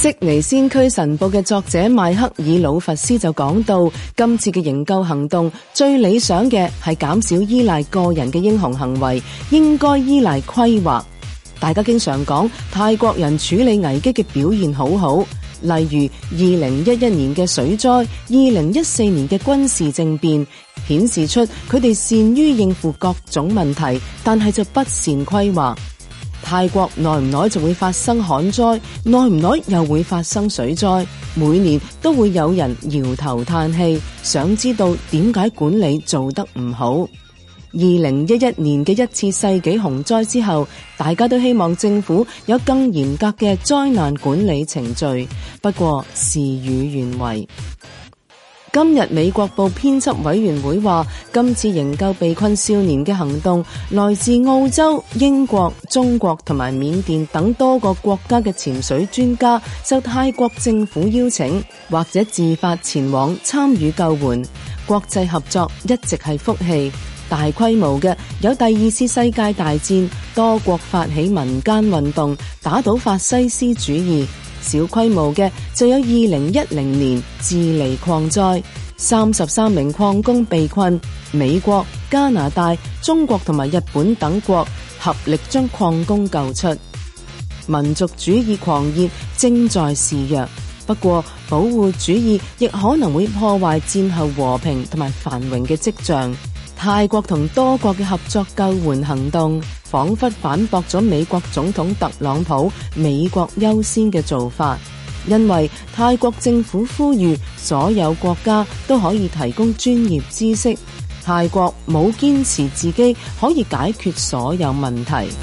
《悉尼先驅晨報》嘅作者邁克爾·魯弗斯就講到，今次嘅營救行動最理想嘅係減少依賴個人嘅英雄行為，應該依賴規劃。大家經常講泰國人處理危機嘅表現好好，例如二零一一年嘅水災、二零一四年嘅軍事政變，顯示出佢哋善於應付各種問題，但係就不善規劃。泰國耐唔耐就會發生旱災，耐唔耐又會發生水災，每年都會有人搖頭嘆氣，想知道點解管理做得唔好。二零一一年嘅一次世紀洪災之後，大家都希望政府有更嚴格嘅災難管理程序，不過事與願違。今日美國報編輯委員會話，今次營救被困少年嘅行動，來自澳洲、英國、中國同埋緬甸等多個國家嘅潛水專家，受泰國政府邀請或者自發前往參與救援。國際合作一直係福氣，大規模嘅有第二次世界大戰，多國發起民間運動打倒法西斯主義。小規模嘅就有二零一零年智利礦災，三十三名礦工被困，美國、加拿大、中國同埋日本等國合力將礦工救出。民族主義狂熱正在肆虐，不過保護主義亦可能會破壞戰後和平同埋繁榮嘅跡象。泰國同多國嘅合作救援行動。仿佛反駁咗美國總統特朗普美國優先嘅做法，因為泰國政府呼籲所有國家都可以提供專業知識，泰國冇堅持自己可以解決所有問題。